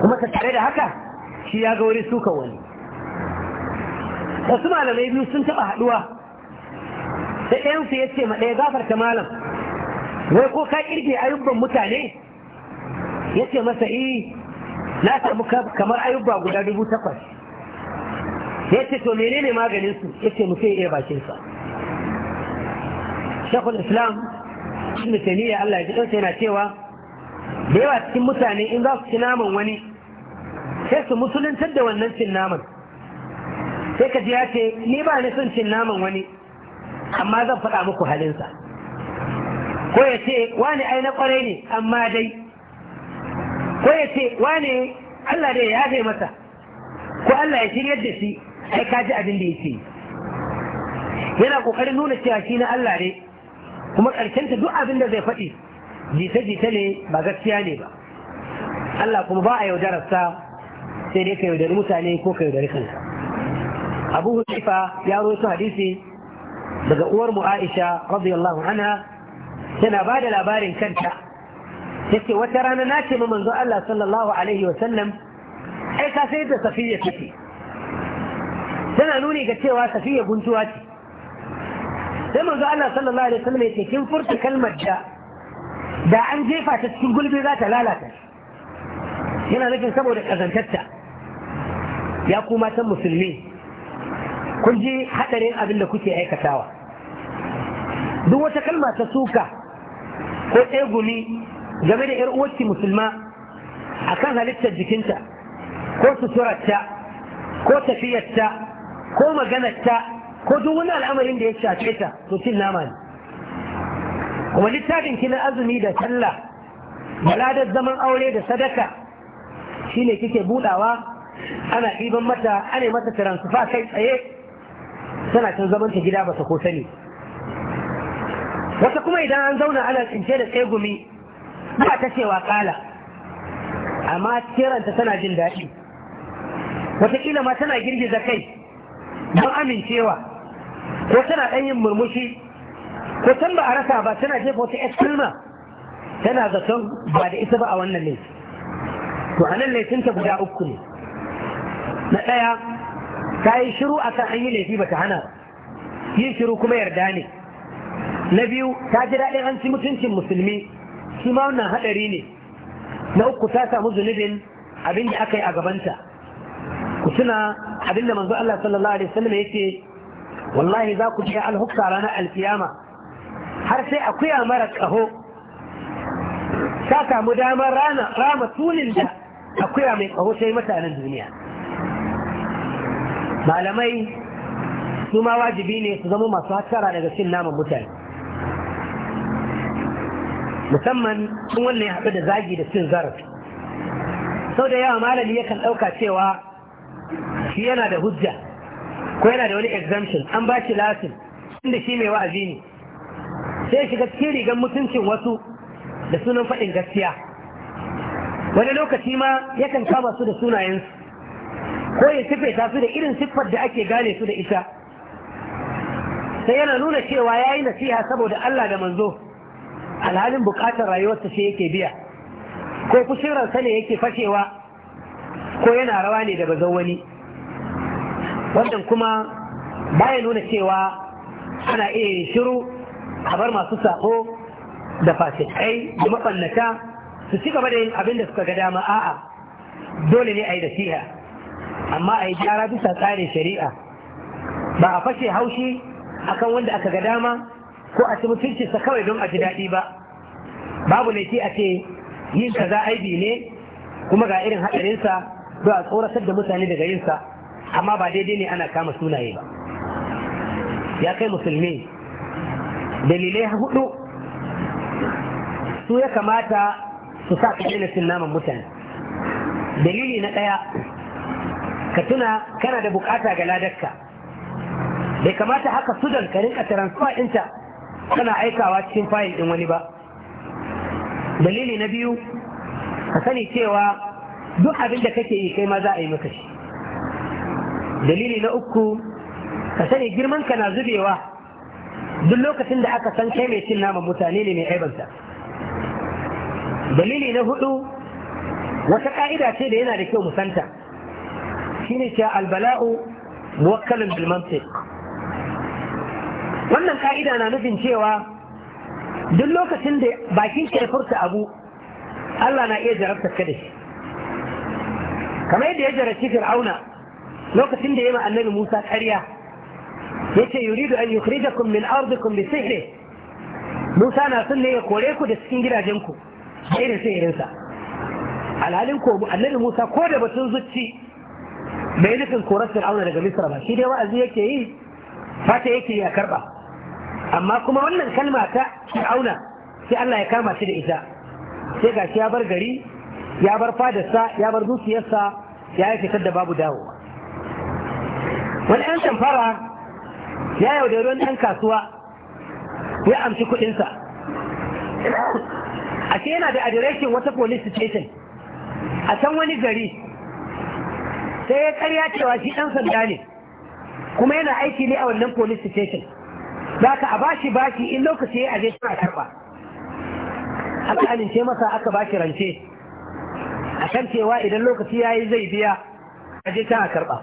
kuma ta tare da haka shi ya ga wani suka wani wasu malamai biyu sun taɓa haɗuwa da ɗayansu ya ce ma ɗaya ta malam wai ko ka ƙirge ayubban mutane ya ce masa i eh, na samu kamar ayubba guda dubu takwas ya ce to menene maganinsu ya ce mutum iya bakinsa shakul islam mutane ya allah ya ji ɗansa yana cewa da yawa cikin mutane in za su ci naman wani sai su musuluntar da wannan cin naman sai ka ji ya ce ni ba ni son cin naman wani amma zan faɗa muku halinsa ko ya ce wani ai na ne amma dai ko ya ce wani Allah dai ya yafe masa ko Allah ya shiryar da shi ai ka ji abin da yake yana kokarin nuna cewa shi na Allah ne kuma ta duk abin da zai faɗi jita-jita ne ba gaskiya ne ba Allah kuma ba a yaudararsa sai dai ka yaudari mutane ko ka yaudari kanka abu hudaifa ya rawaito hadisi daga uwar mu aisha radiyallahu anha tana ba da labarin kanta yace wata rana na ce manzo Allah sallallahu alaihi wa sallam ai ka sai da safiya take tana nuni ga cewa safiya guntuwa ce sai manzo Allah sallallahu alaihi wa wasallam yace kin furta kalmar da da an jefa ta cikin gulbi za ta lalata yana nufin saboda kazantarta ya kuma san musulmi kun ji haɗarin abin da kuke aikatawa duk wata kalma ta suka ko tsegumi game da 'yar uwarki musulma a kan halittar jikinta ko suturarta ko tafiyarta ko maganarta ko duk wani al'amarin da ya shafe ta to cin nama ne kuma littafin kina azumi da sallah baladar zaman aure da sadaka shine kike budawa ana ɗiban mata ana mata taransufa kai tsaye tana can zaman ta gida ba ta ko sani wata kuma idan an zauna ana tsince da tsegumi ba ta cewa kala amma kiranta tana jin daɗi wataƙila ma tana girgiza kai don amincewa ko tana ɗan yin murmushi ko can ba a rasa ba tana jefa wata eskulma tana zaton ba da ba a wannan laifi. to a nan laifinta guda uku ne na ɗaya ta yi shiru a kan an yi laifi ba ta hana yin shiru kuma yarda ne na biyu ta ji daɗin an ci mutuncin musulmi shi ma wannan haɗari ne na uku ta samu zunubin abin da aka yi a gabanta ku tuna abin da manzo Allah sallallahu alaihi wasallam yake wallahi za ku ji alhukka ranar alkiyama har sai akuya mara ƙaho ta samu damar rama tunin da akuya mai ƙaho ta yi mutanen duniya malamai su ma wajibi ne su zama masu hattara daga cin naman mutane musamman sun wannan ya haɗu da zagi da cin zarafi sau da yawa malami yakan ɗauka cewa shi yana da hujja ko yana da wani exemption an ba shi lasin inda shi mai wa'azi ne sai shiga cikin rigar mutuncin wasu da sunan faɗin gaskiya wani lokaci ma yakan kama su da sunayensu ko ya ta su da irin siffar da ake gane su da ita sai yana nuna cewa ya yi nasiha saboda Allah da manzo alhalin bukatar rayuwarsa shi yake biya ko kushirarsa ne yake fashewa ko yana rawa ne da bazan wani wannan kuma baya nuna cewa ana iya yin shiru a bar masu sako da fasikai da mabannata su ci gaba da yin abin da suka ga dama a'a dole ne a yi nasiha amma a yi gyara bisa tsarin shari'a ba a fashe haushi akan wanda aka ga dama ko a ci sa kawai don a ji daɗi ba babu laifi a ce yin kaza aibi ne kuma ga irin haɗarinsa don a tsoratar da mutane daga yinsa amma ba daidai ne ana kama sunaye ba ya kai musulmi dalilai hudu su ya kamata su sa ka daina cin naman mutane dalili na ɗaya ka tuna kana da bukata ga ladarka bai kamata haka sudan ka rinka transfer ɗinta kana aikawa cikin fayil ɗin wani ba dalili na biyu ka sani cewa duk abin da kake yi kai ma za a yi maka shi dalili na uku ka sani girman ka na zubewa duk lokacin da aka san kai mai cin naman mutane ne mai aibanta dalili na hudu wata ka'ida ce da yana da kyau musanta shine cewa albala'u muwakkalin bil mantiq wannan ka'ida na nufin cewa duk lokacin da bakin ka ya furta abu Allah na iya jarabta kada shi kamar yadda ya jarabci fir'auna lokacin da ya ma annabi Musa karya, ya ce yace da an yukhrijakum min ardikum bi sihri Musa na son ne ya kore ku da cikin gidajenku da irin sihirinsa alhalin ko annabi Musa ko da batun zuci mai nufin korar fir'auna daga misra ba shi dai wa'azi yake yi fata yake yi a karba amma kuma wannan kalma ta fir'auna sai Allah ya kama shi da ita sai gashi ya bar gari ya bar fadarsa ya bar dukiyarsa ya yi fitar da babu dawo. wani ɗan tamfara ya yaudari wani ɗan kasuwa ya amshi kuɗinsa ashe yana da adireshin wata police station a can wani gari sai ya karya cewa shi ɗan sanda ne kuma yana aiki ne a wannan police station za ka a bashi bashi in lokaci ya aje a karɓa ƙanin ce masa aka bashi rance a kan cewa idan lokaci ya yi zai biya aje a karɓa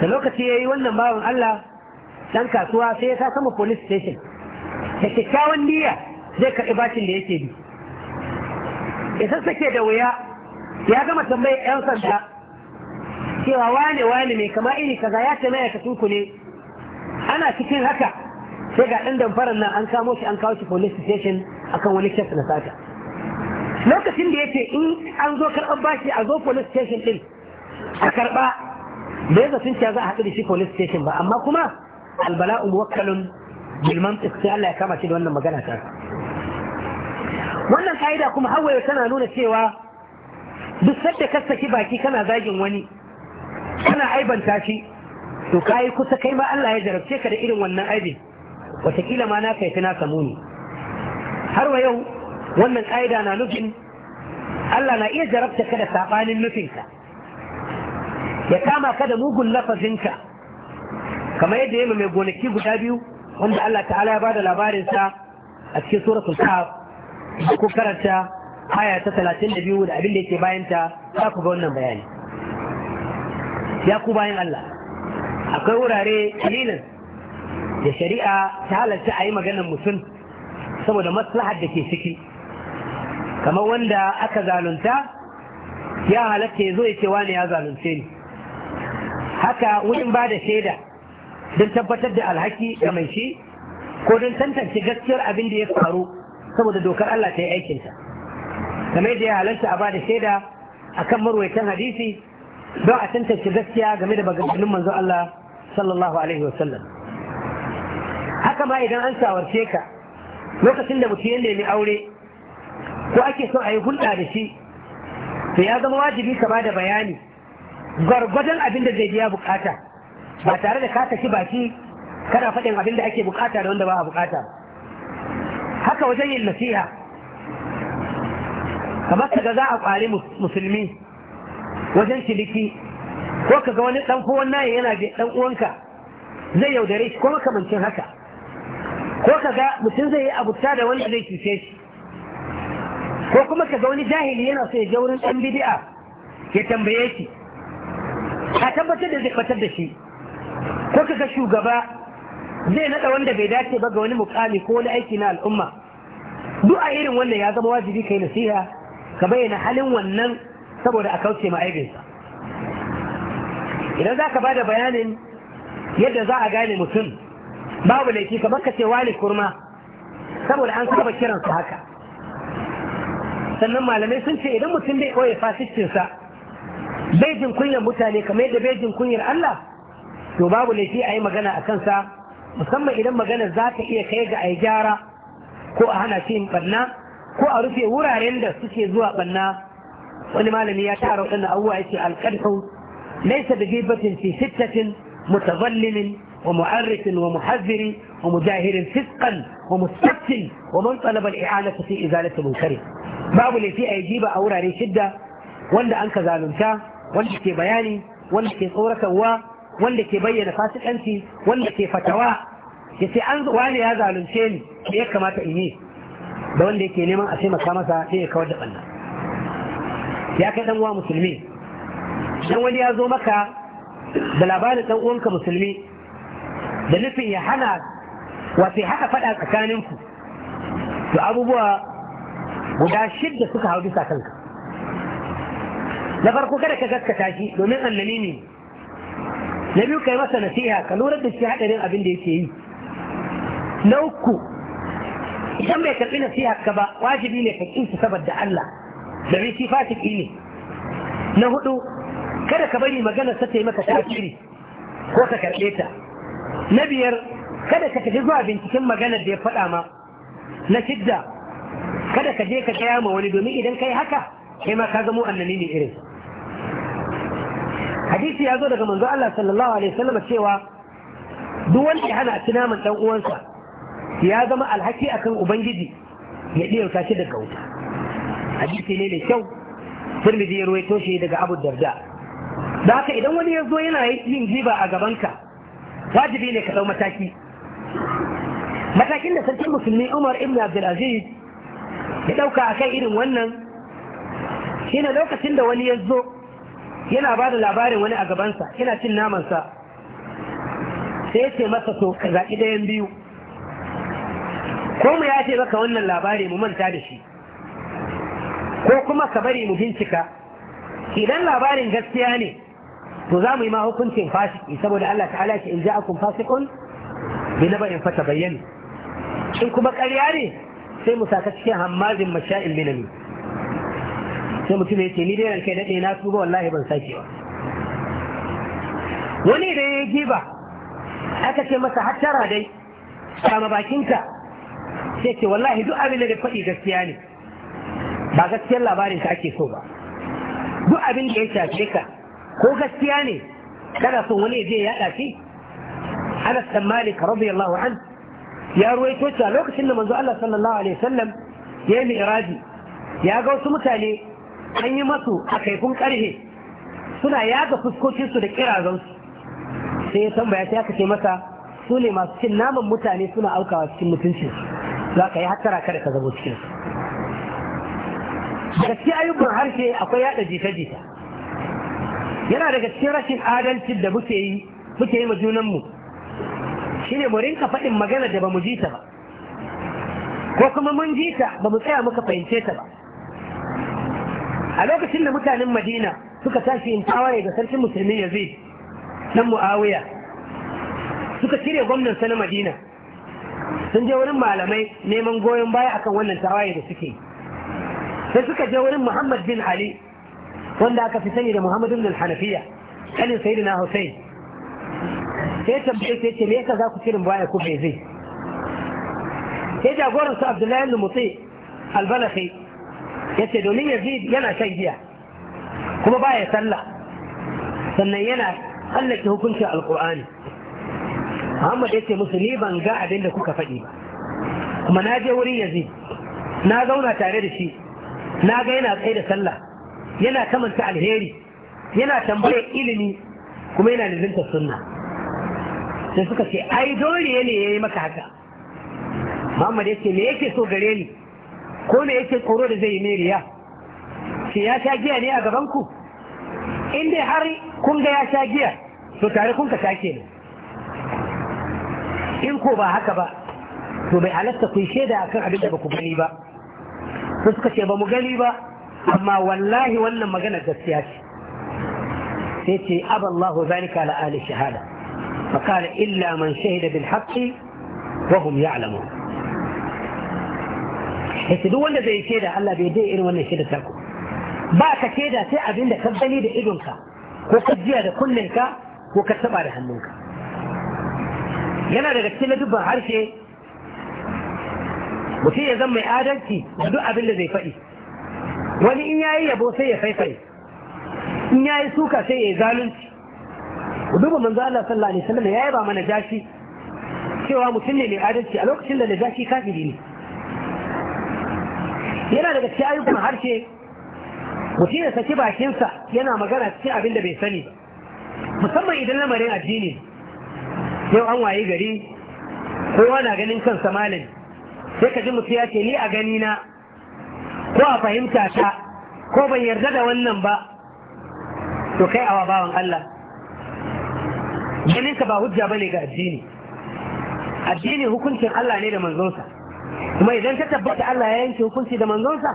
da lokaci ya yi wannan bawan Allah ɗan kasuwa sai ya kasa sama police station da kyakkyawan niyya zai karɓi bashin da yake bi ya sassake da wuya ya gama tambayar 'yan sanda cewa wane wane mai kama iri kaza ya ce mai ka ne ana cikin haka sai ga ɗan damfarar nan an kamo shi an kawo shi police station akan wani kes na sata lokacin da ya ce in an zo karɓar bashi a zo police station ɗin a karɓa da ya sun ce za a haɗu da shi police station ba amma kuma albala'u muwakkalun bilman sai Allah ya kama shi da wannan magana ta wannan ka'ida kuma hawaye tana nuna cewa duk sadda ka saki baki kana zagin wani kana aibanta shi to kai kusa kai ma Allah ya jarabce ka da irin wannan aibin wataƙila ma na kai na samu ni. har wa yau wannan ƙa'ida na nufin Allah na iya jarabta ka da saɓanin nufinka ya kama ka da mugun lafazinka kamar yadda ya mai gonaki guda biyu wanda Allah ta'ala ya ba da labarinsa a cikin suratul kahf ko karanta aya ta 32 da abin da yake bayanta za ku ga wannan bayani ya ku bayan Allah akwai wurare kalilin da shari'a ta halarta a yi maganar mutum saboda maslahar da ke ciki kamar wanda aka zalunta ya halarta ya zo ya ce wani ya zalunce ni haka wurin ba da shaida don tabbatar da alhaki ga mai shi ko don tantance gaskiyar abin da ya faru saboda dokar Allah ta yi aikinta kamar da ya halarta a ba da shaida akan marwaitan hadisi don a tantance gaskiya game da maganganun manzo Allah sallallahu alaihi sallam. haka ma idan an shawarce ka lokacin da mutum ya nemi aure ko ake so a yi hulɗa da shi to ya zama wajibi ka bada bayani gwargwadon abin da zai biya bukata ba tare da ka tafi baki kana faɗin abin da ake bukata da wanda ba a bukata haka wajen yin nasiha kamar ka ga za a ƙwari musulmi wajen ciniki ko ka ga wani ɗan kowan naye yana da ɗan uwanka zai yaudare shi ko makamancin haka ko ka ga mutum zai yi abuta da wanda zai cuce shi ko kuma ka ga wani jahili yana so ya je wurin ɗan bidi'a ya tambaye shi a tabbatar da zai batar da shi ko ka ga shugaba zai naɗa wanda bai dace ba ga wani mukami ko wani aiki na al'umma duk a irin wannan ya zama wajibi kai nasiha ka bayyana halin wannan saboda a kauce ma aibinsa idan za ka ba bayanin yadda za a gane mutum babu laifi kamar ka ce wani kurma saboda an saba kiransa haka sannan malamai sun ce idan mutum bai ɓoye fasikcinsa bai jin kunyar mutane kamar yadda bai jin kunyar Allah to babu laifi a yi magana a kansa musamman idan magana za ta iya kai ga a gyara ko a hana shi barna ko a rufe wuraren da suke zuwa ɓanna ولمالم يشعر أن أوائس القدح ليس بجيبة في ستة متظلم ومعرف ومحذر ومجاهر فسقا ومستفت ومن طلب الإعانة في إزالة منكره باب اللي في اي جيبة أيجيب أورا شدة وند أنك ذالنك وند كي بياني وند كي صورة وا وند كي بيّن فاسد أنت وند كي فتوا يسي أنز واني هذا لنشين كي إيه كما تأيني بوند كي نما أسيما كما سا إيه كوجب ya kai uwa musulmi dan wani ya zo maka da labarin ɗan uwanka musulmi da nufin ya hana wato haka faɗa tsakaninku to abubuwa guda shidda suka hau bisa kanka na farko kada ka gaskata shi domin annani ne na biyu kai masa nasiha ka lura da shi haɗarin abin da yake yi na uku idan bai karɓi nasiha ka ba wajibi ne ka ƙi saboda Allah domin shi fasiki ne na hudu kada ka bari maganar ta yi maka tasiri ko ka karɓe ta na biyar kada ka tafi zuwa binciken maganar da ya faɗa ma na shidda kada ka je ka gaya ma wani domin idan kai haka kai ma ka zamo annani ne irin hadisi ya zo daga manzo Allah sallallahu alaihi wasallam cewa duk wanda ya hana ci naman dan uwansa ya zama alhaki akan ubangiji ya ɗiyauta shi daga wuta hadisi ne mai kyau turmidi ya ruwaito shi daga abu darda da haka idan wani ya zo yana yin riba a gabanka wajibi ne ka dau mataki matakin da sarkin musulmi umar ibn abdulaziz ya dauka a kai irin wannan shine lokacin da wani ya zo yana ba da labarin wani a gabansa yana cin namansa sai ya ce masa to ka zaƙi ɗayan biyu ko mu ya ce maka wannan labari mu manta da shi ko kuma ka bari mu bincika idan labarin gaskiya ne to za mu yi ma hukuncin fasiki saboda Allah ta'ala ce in ja'akum fasiqun bi naba'in ba in kuma ƙarya ne sai mu saka cikin hammazin masha'il binami sai mutum ya ce ni dai ranka daɗe na tuba wallahi ban sake ba wani da ya yi giba aka ce masa hattara dai kama bakinka sai ce wallahi duk abin da faɗi gaskiya ne ba gaskiyar labarin ka ake so ba duk abin da ya shafe ka ko gaskiya ne kana son wani je ya dace Anas dan Malik radiyallahu an ya ruwaito cewa lokacin da manzo Allah sallallahu alaihi wasallam ya yi mi'raji ya ga wasu mutane an yi masu a kaifin karhe suna yaga fuskocinsu da kirazansu sai ya tambaya sai aka ce masa su ne masu cin naman mutane suna aukawa cikin mutunci za ka yi hattara kada ka zabo cikin daga ayyukan harshe akwai yada jita-jita yana daga cikin rashin adalcin da muke yi muke yi ma junanmu shine mu rinka faɗin magana da bamu mu jita ba ko kuma mun jita ba bamu tsaya muka fahimce ta ba a lokacin da mutanen madina suka tashi in tawaye ga sarkin musulmi yazid dan muawiya suka cire gwamnan sa na madina sun je wurin malamai neman goyon baya akan wannan tawaye da suke yi sai suka je wurin muhammad bin ali wanda aka fi sani da muhammad bin hanafiya kanin sayyidina hussein sai tambaye sai ce me yasa za ku cirin baya ku bai zai sai jagoran su abdullahi bin mutsi albalafi ya ce domin yazid yana shan giya kuma baya sallah sannan yana tsallake hukuncin alkur'ani Muhammad ya ce musu ni ban ga abin da kuka faɗi ba kuma na je wurin yazid na zauna tare da shi na ga yana tsaye da sallah yana kamanta alheri yana tambayar ilimi kuma yana nizinta sunna sai suka ce ai dole ne ya yi maka haka Muhammad ya ce me yake so gare ni ko me yake tsoro da zai yi meriya ce ya sha giya ne a gabanku? ku in dai har kun ga ya sha giya to tare kun ka sake ni? in ko ba haka ba to bai halatta ku shaida akan abin da ba ku gani ba su suka ce ba mu gani ba amma wallahi wannan magana gaskiya ce sai ce aballahu zalika ala ali shahada fa qala illa man shahida bil haqqi wa hum ya'lamun duk wanda bai shaida Allah bai dai irin wannan shaida ta ba ka shaida sai abin da ka gani da idonka ko ka jiya da ka ko ka taba da hannunka yana daga cikin dubban harshe mutum ya zama mai adalci da duk abin da zai faɗi wani in yayi yabo sai ya faifai in yayi suka sai ya yi zalunci duba manzo Allah sallallahu alaihi wasallam yayi ba mana jashi cewa mutum ne mai adalci a lokacin da najashi kafiri ne yana daga cikin ayyukan harshe mutum ya saki bakinsa yana magana cikin abin da bai sani musamman idan lamarin addini yau an waye gari kowa na ganin kansa malami sai ka ji mutum ya ce ni a gani na ko a fahimta ta ko ban yarda da wannan ba to kai awa bawan Allah ganin ka ba hujja bane ga addini addini hukuncin Allah ne da manzonsa kuma idan ka tabbata Allah ya yanke hukunci da manzonsa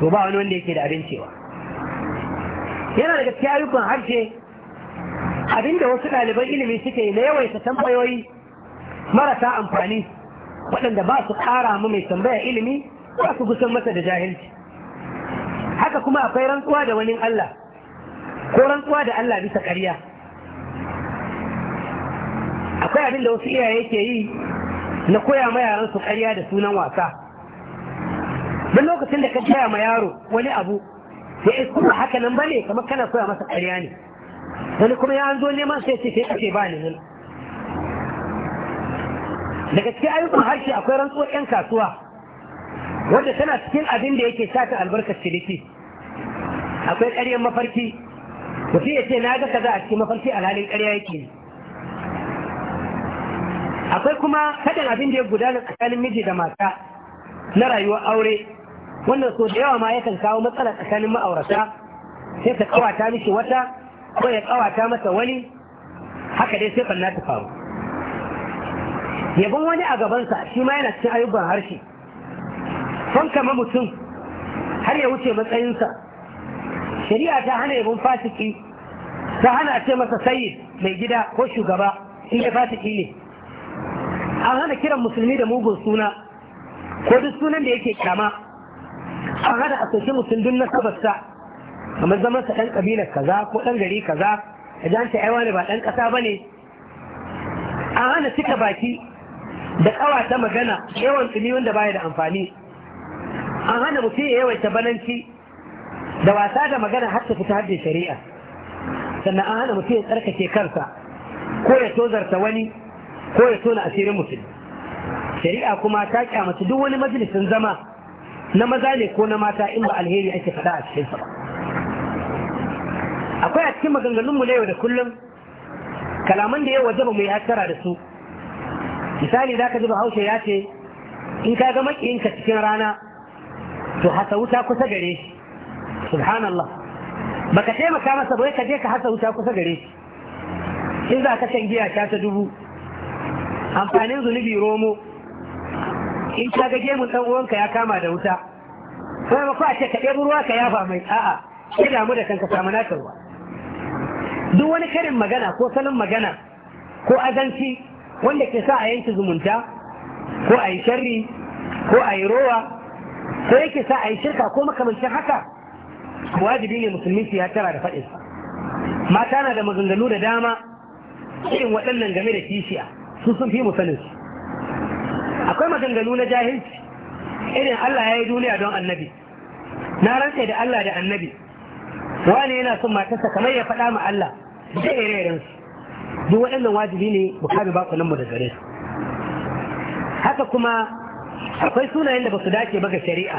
to ba wani wanda yake da abin cewa yana daga cikin ayyukan harshe abinda wasu ɗaliban ilimi suke na yawaita tambayoyi marasa amfani waɗanda ba su ƙara mu mai tambaya ilimi ba su gusan masa da jahilci haka kuma akwai rantsuwa da wani Allah ko rantsuwa da Allah bisa ƙarya akwai abin da wasu iyaye ke yi na koya ma yaran su ƙarya da sunan wasa don lokacin da ka koya ma yaro wani abu ya isko haka nan bane kamar kana koya masa ƙarya ne wani kuma ya an zo neman sai ce sai kace ba ni nan daga cikin ayyukan harshe akwai rantsuwar 'yan kasuwa wanda tana cikin abin da yake sata albarkar ciniki akwai ƙaryar mafarki mutum ya ce na ga kaza a cikin mafarki alhalin karya yake akwai kuma kadan abin da ya gudana tsakanin miji da mata na rayuwar aure wannan so da yawa ma yakan kawo matsala tsakanin ma'aurata sai ta kawata mishi wata ko ya kawata masa wani haka dai sai ɓanna ta faru yabon wani a gabansa shi ma yana cikin ayyukan harshe son kama mutum har ya wuce matsayinsa shari'a ta hana yabon fasiki ta hana ce masa sayyid mai gida ko shugaba in ya fasiki ne an hana kiran musulmi da mugun suna ko duk sunan da yake kama an hana a mutum musulmin na sabarsa kamar zaman sa ɗan ƙabilar kaza ko ɗan gari kaza a janta aiwa ne ba ɗan ƙasa ba ne an hana cika baki da kawa ta magana yawan tsini wanda baya da amfani an hana mutum ya yawaita bananci da wasa da magana har ta fita haddin shari'a sannan an hana mutum ya tsarkake kansa ko ya tozarta wani ko ya tona asirin mutum shari'a kuma ta kyamaci duk wani majalisin zama na maza ne ko na mata in ba alheri ake faɗa a cikinsa ba akwai a cikin maganganunmu na yau da kullum kalaman da yawa ba mu yi hattara da su misali za ka ji bahaushe ya ce in ka ga makiyinka cikin rana to hasa wuta kusa gare shi subhanallah ba ka taimaka masa ba ka je ka hasa wuta kusa gare shi in za ka shan giya sha ta dubu amfanin zunubi romo in ka ga gemun dan uwanka ya kama da wuta sai ba a ce ka ɗebi ruwa ka yafa mai a'a ki damu da kanka samu naka ruwa duk wani karin magana ko salon magana ko azanci wanda ke sa a yanke zumunta ko a yi sharri ko a yi rowa ko yake sa a yi shirka ko makamancin haka wajibi ne musulmi su ya tara da faɗinsa mata na da maganganu da dama irin waɗannan game da kishiya su sun fi mu akwai maganganu na jahilci irin Allah ya yi duniya don annabi na rantse da Allah da annabi wani yana son matarsa kamar ya faɗa ma Allah zai irin su duk waɗannan wajibi ne mu kame bakunan mu da gare su haka kuma akwai sunayen da ba su dace ba ga shari'a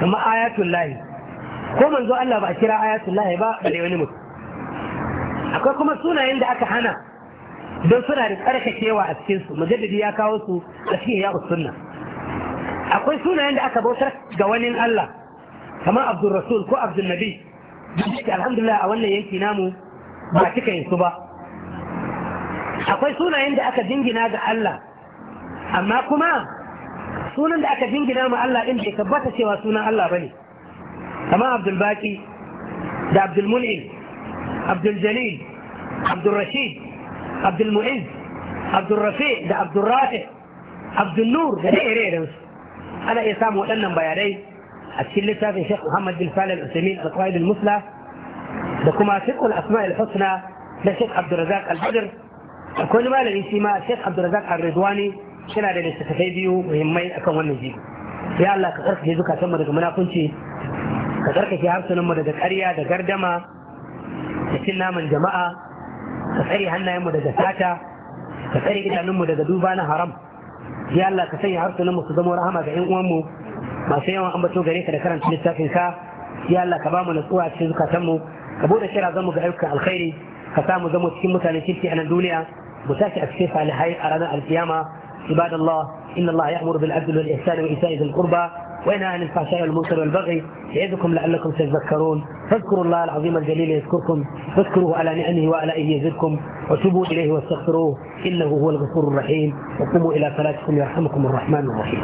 kamar ayatul lahi ko manzo Allah ba a kira ayatul lahi ba bare wani mutum akwai kuma sunayen da aka hana don suna da tsarkakewa a cikin su mujaddidi ya kawo su a cikin ya sunna akwai sunayen da aka bautar ga wani Allah kamar abdul rasul ko abdul nabi alhamdulillah a wannan yanki namu ba cika yin su ba akwai sunayen da aka jingina ga Allah amma kuma sunan da aka jingina ma Allah din bai tabbata cewa sunan Allah bane kamar Abdul Baqi da Abdul Mun'im Abdul Jalil Abdul Rashid Abdul Mu'izz Abdul Rafi da Abdul Rafi Abdul Nur da ire-iren su ana iya samu waɗannan bayanai a cikin littafin Sheikh Muhammad bin Salih Al-Uthaymeen Al-Qawaid Al-Musla da kuma Fiqh asma'il husna da Sheikh Abdul Razak Al-Badr akwai wani malami shi ma shek Abdulrazak Ar-Ridwani yana da littattafai biyu muhimmai akan wannan jibi ya Allah ka karkace zukatan mu daga munafunci ka karkace harsunan mu daga ƙarya da gardama da cin naman jama'a ka tsare hannayen mu daga sata ka tsare idanun mu daga duba na haram ya Allah ka sanya harsunan mu su zama rahama ga ƴan uwan mu masu yawan ambato gare ka da karanta littafin ka ya Allah ka ba mu nutsuwa cikin zukatan mu ka bude kira zamu ga ayyukan alkhairi ka samu zama cikin mutane kirki a nan duniya متاكئ السيف على هاي أرانا القيامة عباد الله إن الله يأمر بالعدل والإحسان وإيتاء ذي القربى وينهى عن الفحشاء والمنكر والبغي يعظكم لعلكم تذكرون فاذكروا الله العظيم الجليل يذكركم فاذكروه على نعمه وآلائه يزدكم وتوبوا إليه واستغفروه إنه هو الغفور الرحيم وقوموا إلى صلاتكم يرحمكم الرحمن الرحيم